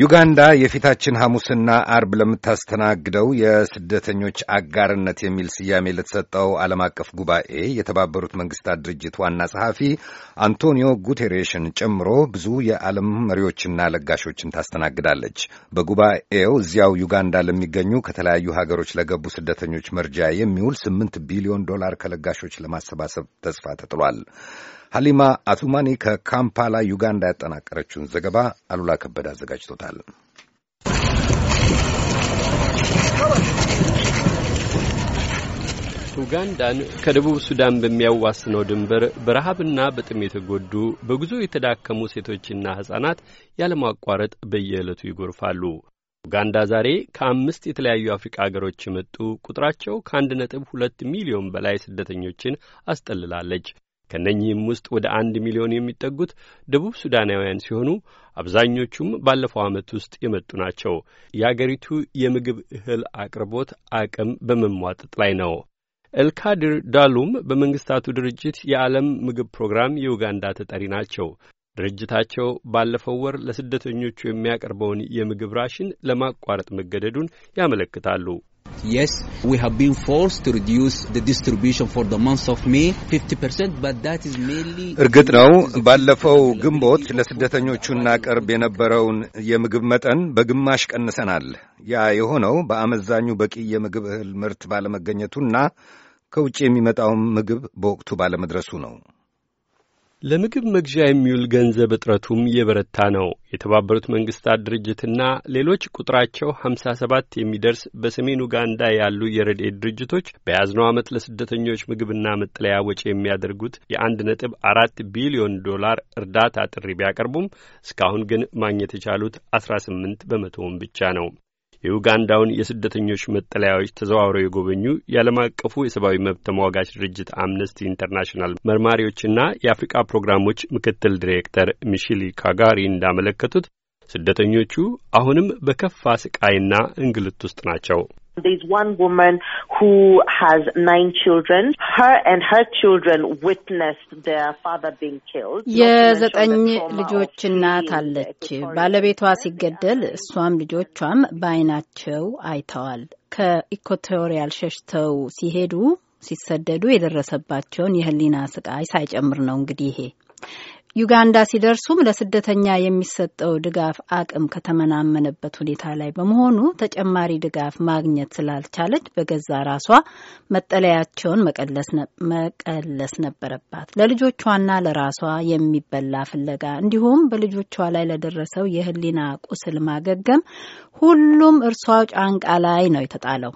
ዩጋንዳ የፊታችን ሐሙስና አርብ ለምታስተናግደው የስደተኞች አጋርነት የሚል ስያሜ ለተሰጠው ዓለም አቀፍ ጉባኤ የተባበሩት መንግስታት ድርጅት ዋና ጸሐፊ አንቶኒዮ ጉቴሬሽን ጨምሮ ብዙ የዓለም መሪዎችና ለጋሾችን ታስተናግዳለች። በጉባኤው እዚያው ዩጋንዳ ለሚገኙ ከተለያዩ ሀገሮች ለገቡ ስደተኞች መርጃ የሚውል ስምንት ቢሊዮን ዶላር ከለጋሾች ለማሰባሰብ ተስፋ ተጥሏል። ሀሊማ አቱማኒ ከካምፓላ ዩጋንዳ ያጠናቀረችውን ዘገባ አሉላ ከበደ አዘጋጅቶታል። ኡጋንዳን ከደቡብ ሱዳን በሚያዋስነው ድንበር በረሃብና በጥም የተጎዱ በጉዞ የተዳከሙ ሴቶችና ሕፃናት ያለማቋረጥ በየዕለቱ ይጎርፋሉ። ኡጋንዳ ዛሬ ከአምስት የተለያዩ አፍሪቃ አገሮች የመጡ ቁጥራቸው ከአንድ ነጥብ ሁለት ሚሊዮን በላይ ስደተኞችን አስጠልላለች። ከእነኚህም ውስጥ ወደ አንድ ሚሊዮን የሚጠጉት ደቡብ ሱዳናውያን ሲሆኑ አብዛኞቹም ባለፈው ዓመት ውስጥ የመጡ ናቸው። የአገሪቱ የምግብ እህል አቅርቦት አቅም በመሟጠጥ ላይ ነው። ኤልካድር ዳሉም በመንግስታቱ ድርጅት የዓለም ምግብ ፕሮግራም የኡጋንዳ ተጠሪ ናቸው። ድርጅታቸው ባለፈው ወር ለስደተኞቹ የሚያቀርበውን የምግብ ራሽን ለማቋረጥ መገደዱን ያመለክታሉ። Yes, we have been forced to reduce the distribution for the month of May 50%, but that is mainly እርግጥ ነው ባለፈው ግንቦት ለስደተኞቹ እናቀርብ የነበረውን የምግብ መጠን በግማሽ ቀንሰናል። ያ የሆነው በአመዛኙ በቂ የምግብ እህል ምርት ባለመገኘቱና ከውጭ የሚመጣውን ምግብ በወቅቱ ባለመድረሱ ነው። ለምግብ መግዣ የሚውል ገንዘብ እጥረቱም የበረታ ነው። የተባበሩት መንግስታት ድርጅትና ሌሎች ቁጥራቸው ሀምሳ ሰባት የሚደርስ በሰሜን ኡጋንዳ ያሉ የረድኤት ድርጅቶች በያዝነው ዓመት ለስደተኞች ምግብና መጠለያ ወጪ የሚያደርጉት የአንድ ነጥብ አራት ቢሊዮን ዶላር እርዳታ ጥሪ ቢያቀርቡም እስካሁን ግን ማግኘት የቻሉት አስራ ስምንት በመቶውን ብቻ ነው። የኡጋንዳውን የስደተኞች መጠለያዎች ተዘዋውረው የጎበኙ የዓለም አቀፉ የሰብአዊ መብት ተሟጋች ድርጅት አምነስቲ ኢንተርናሽናል መርማሪዎችና የአፍሪቃ ፕሮግራሞች ምክትል ዲሬክተር ሚሽሊ ካጋሪ እንዳመለከቱት ስደተኞቹ አሁንም በከፋ ስቃይና እንግልት ውስጥ ናቸው። There's one woman who has nine children. Her and her children witnessed their father being killed. የዘጠኝ ልጆች እናት አለች። ባለቤቷ ሲገደል እሷም ልጆቿም በአይናቸው አይተዋል። ከኢኳቶሪያል ሸሽተው ሲሄዱ ሲሰደዱ የደረሰባቸውን የሕሊና ስቃይ ሳይጨምር ነው እንግዲህ ይሄ ዩጋንዳ ሲደርሱም ለስደተኛ የሚሰጠው ድጋፍ አቅም ከተመናመነበት ሁኔታ ላይ በመሆኑ ተጨማሪ ድጋፍ ማግኘት ስላልቻለች በገዛ ራሷ መጠለያቸውን መቀለስ ነበረባት። ለልጆቿና ለራሷ የሚበላ ፍለጋ እንዲሁም በልጆቿ ላይ ለደረሰው የሕሊና ቁስል ማገገም ሁሉም እርሷ ጫንቃ ላይ ነው የተጣለው።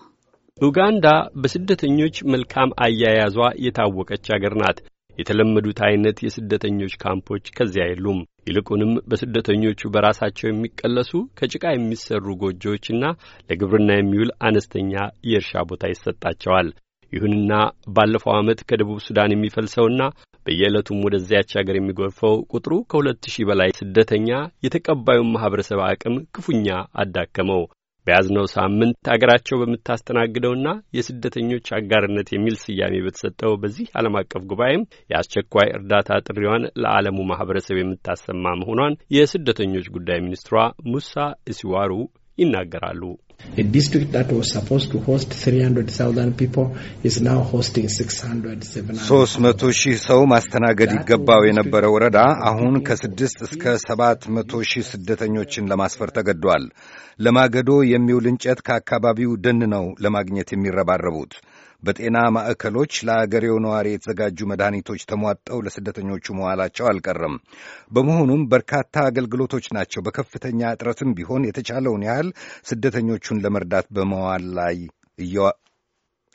ኡጋንዳ በስደተኞች መልካም አያያዟ የታወቀች አገር ናት። የተለመዱት አይነት የስደተኞች ካምፖች ከዚያ የሉም። ይልቁንም በስደተኞቹ በራሳቸው የሚቀለሱ ከጭቃ የሚሰሩ ጎጆዎችና ለግብርና የሚውል አነስተኛ የእርሻ ቦታ ይሰጣቸዋል። ይሁንና ባለፈው ዓመት ከደቡብ ሱዳን የሚፈልሰውና በየዕለቱም ወደዚያች አገር የሚጎርፈው ቁጥሩ ከሁለት ሺህ በላይ ስደተኛ የተቀባዩን ማኅበረሰብ አቅም ክፉኛ አዳከመው። በያዝነው ሳምንት አገራቸው በምታስተናግደውና የስደተኞች አጋርነት የሚል ስያሜ በተሰጠው በዚህ ዓለም አቀፍ ጉባኤም የአስቸኳይ እርዳታ ጥሪዋን ለዓለሙ ማህበረሰብ የምታሰማ መሆኗን የስደተኞች ጉዳይ ሚኒስትሯ ሙሳ እሲዋሩ ይናገራሉ። ሶስት መቶ ሺህ ሰው ማስተናገድ ይገባው የነበረ ወረዳ አሁን ከስድስት እስከ ሰባት መቶ ሺህ ስደተኞችን ለማስፈር ተገዷል። ለማገዶ የሚውል እንጨት ከአካባቢው ደን ነው ለማግኘት የሚረባረቡት። በጤና ማዕከሎች ለአገሬው ነዋሪ የተዘጋጁ መድኃኒቶች ተሟጠው ለስደተኞቹ መዋላቸው አልቀረም። በመሆኑም በርካታ አገልግሎቶች ናቸው በከፍተኛ እጥረትም ቢሆን የተቻለውን ያህል ስደተኞቹን ለመርዳት በመዋል ላይ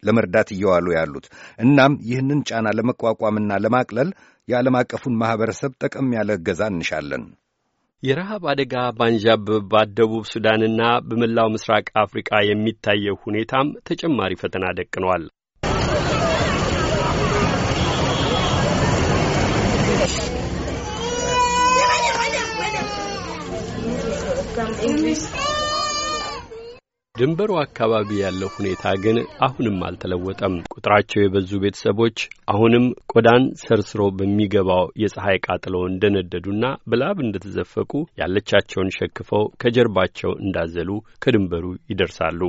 ለመርዳት እየዋሉ ያሉት። እናም ይህንን ጫና ለመቋቋምና ለማቅለል የዓለም አቀፉን ማኅበረሰብ ጠቀም ያለ እገዛ እንሻለን። የረሃብ አደጋ ባንዣበባት ደቡብ ሱዳንና በመላው ምስራቅ አፍሪቃ የሚታየው ሁኔታም ተጨማሪ ፈተና ደቅኗል። ድንበሩ አካባቢ ያለው ሁኔታ ግን አሁንም አልተለወጠም። ቁጥራቸው የበዙ ቤተሰቦች አሁንም ቆዳን ሰርስሮ በሚገባው የፀሐይ ቃጥሎ እንደነደዱና በላብ እንደተዘፈቁ ያለቻቸውን ሸክፈው ከጀርባቸው እንዳዘሉ ከድንበሩ ይደርሳሉ።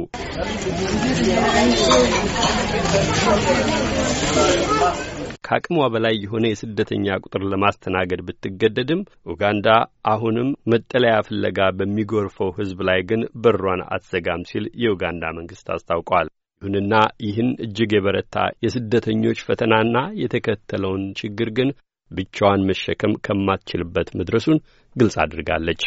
ከአቅሟ በላይ የሆነ የስደተኛ ቁጥር ለማስተናገድ ብትገደድም ኡጋንዳ አሁንም መጠለያ ፍለጋ በሚጎርፈው ሕዝብ ላይ ግን በሯን አትዘጋም ሲል የኡጋንዳ መንግስት አስታውቋል። ይሁንና ይህን እጅግ የበረታ የስደተኞች ፈተናና የተከተለውን ችግር ግን ብቻዋን መሸከም ከማትችልበት መድረሱን ግልጽ አድርጋለች።